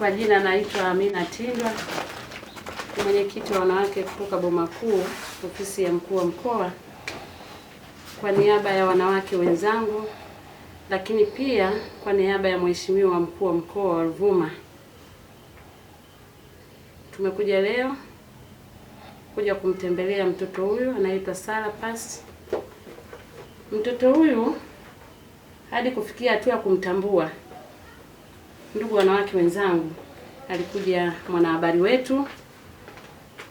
Kwa jina naitwa Amina Tindwa, mwenyekiti wa wanawake kutoka Boma Kuu, ofisi ya mkuu wa mkoa. Kwa niaba ya wanawake wenzangu, lakini pia kwa niaba ya mheshimiwa mkuu wa mkoa wa Ruvuma, tumekuja leo kuja kumtembelea mtoto huyu anaitwa Sara Pass. Mtoto huyu hadi kufikia hatua ya kumtambua Ndugu wanawake wenzangu, alikuja mwanahabari wetu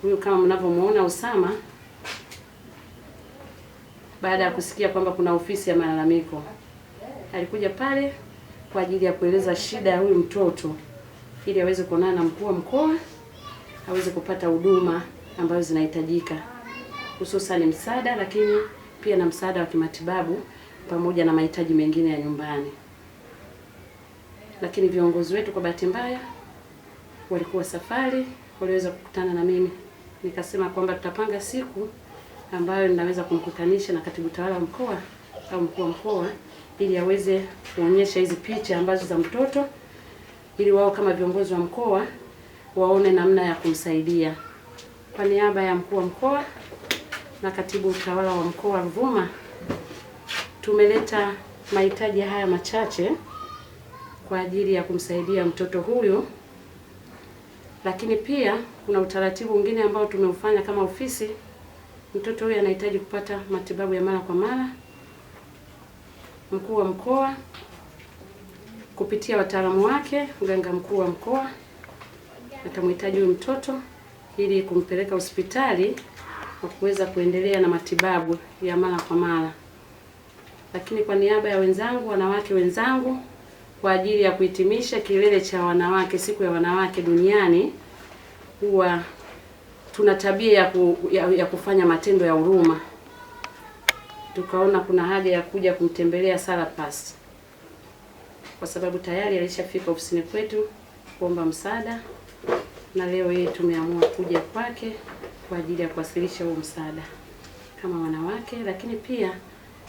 huyu kama mnavyomuona Usama, baada ya kusikia kwamba kuna ofisi ya malalamiko, alikuja pale kwa ajili ya kueleza shida ya huyu mtoto ili aweze kuonana na mkuu wa mkoa aweze kupata huduma ambazo zinahitajika, hususani msaada, lakini pia na msaada wa kimatibabu pamoja na mahitaji mengine ya nyumbani lakini viongozi wetu kwa bahati mbaya walikuwa safari, waliweza kukutana na mimi. Nikasema kwamba tutapanga siku ambayo ninaweza kumkutanisha na katibu tawala wa mkoa au mkuu wa mkoa ili aweze kuonyesha hizi picha ambazo za mtoto ili wao kama viongozi wa mkoa waone namna ya kumsaidia. Kwa niaba ya mkuu wa mkoa na katibu tawala wa mkoa Ruvuma, tumeleta mahitaji haya machache kwa ajili ya kumsaidia mtoto huyo. Lakini pia kuna utaratibu mwingine ambao tumeufanya kama ofisi. Mtoto huyo anahitaji kupata matibabu ya mara kwa mara. Mkuu wa mkoa kupitia wataalamu wake, mganga mkuu wa mkoa atamhitaji huyu mtoto ili kumpeleka hospitali kwa kuweza kuendelea na matibabu ya mara kwa mara. Lakini kwa niaba ya wenzangu, wanawake wenzangu kwa ajili ya kuhitimisha kilele cha wanawake, siku ya wanawake duniani, huwa tuna tabia ya, ku, ya, ya kufanya matendo ya huruma. Tukaona kuna haja ya kuja kumtembelea Sara Pass kwa sababu tayari alishafika ofisini kwetu kuomba msaada, na leo hii tumeamua kuja kwake kwa ajili ya kuwasilisha huo msaada kama wanawake, lakini pia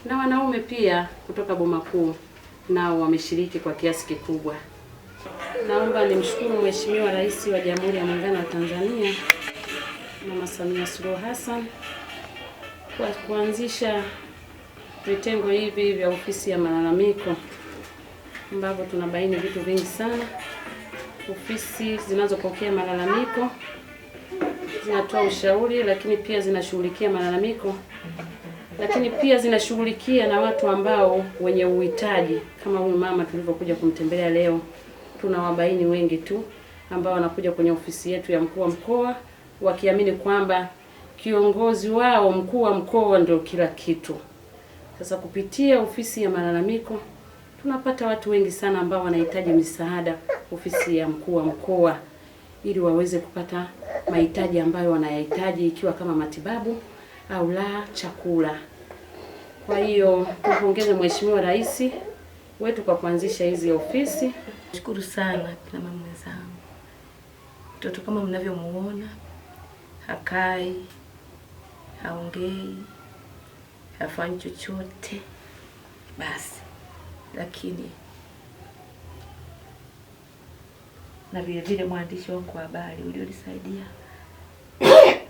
na wanaume pia kutoka Boma Kuu nao wameshiriki kwa kiasi kikubwa. Naomba nimshukuru Mheshimiwa Rais wa Jamhuri ya Muungano wa Tanzania Mama Samia Suluhu Hassan kwa kuanzisha vitengo hivi vya ofisi ya malalamiko ambavyo tunabaini vitu vingi sana. Ofisi zinazopokea malalamiko zinatoa ushauri, lakini pia zinashughulikia malalamiko lakini pia zinashughulikia na watu ambao wenye uhitaji kama huyu mama tulivyokuja kumtembelea leo. Tuna wabaini wengi tu ambao wanakuja kwenye ofisi yetu ya mkuu wa mkoa wakiamini kwamba kiongozi wao mkuu wa mkoa ndio kila kitu. Sasa kupitia ofisi ya malalamiko tunapata watu wengi sana ambao wanahitaji misaada ofisi ya mkuu wa mkoa ili waweze kupata mahitaji ambayo wanayahitaji ikiwa kama matibabu au la chakula. Kwa hiyo tupongeze Mheshimiwa Rais wetu kwa kuanzisha hizi ofisi. Shukuru sana kina mama wenzangu, mtoto kama mnavyomuona hakai, haongei, hafanyi chochote basi, lakini na vile vile mwandishi wangu wa habari ulionisaidia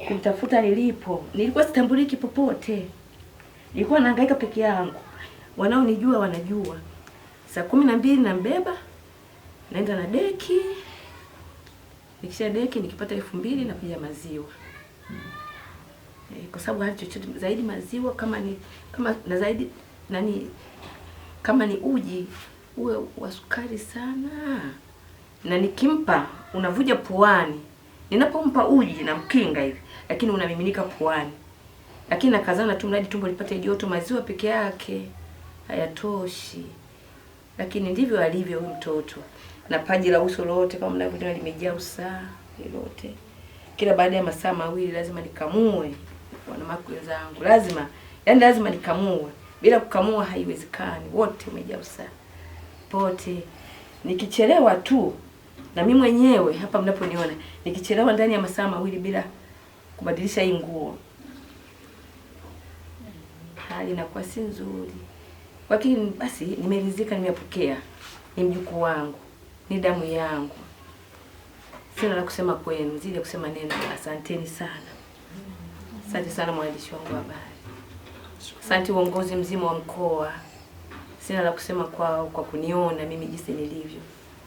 kumtafuta nilipo, nilikuwa sitambuliki popote nilikuwa nahangaika peke yangu, wanaonijua wanajua. Saa kumi na mbili nambeba naenda na deki, nikisha deki nikipata elfu mbili napiga maziwa eh, kwa sababu hali chochote zaidi maziwa kama ni kama na zaidi nani kama ni uji uwe wa sukari sana, na nikimpa unavuja puani. Ninapompa uji namkinga hivi, lakini unamiminika puani lakini nakazana tu mradi tumbo lipate joto. Maziwa peke yake hayatoshi, lakini ndivyo alivyo huyu mtoto, na paji la uso lote kama mnavyoona limejaa usaa lote. Kila baada ya masaa mawili lazima nikamue, wanawake wenzangu, lazima yani, lazima nikamue. Bila kukamua haiwezekani, wote umejaa usaa pote. Nikichelewa tu na mimi mwenyewe hapa mnaponiona, nikichelewa ndani ya masaa mawili bila kubadilisha hii nguo hali inakuwa si nzuri. Lakini basi nimeridhika, nimepokea, ni mjukuu wangu, ni damu yangu. Sina la kusema kwenu, zidi ya kusema neno. Asanteni sana, asante sana mwandishi wangu wa habari, asante uongozi mzima wa mkoa. Sina la kusema kwao kwa kuniona mimi jinsi nilivyo.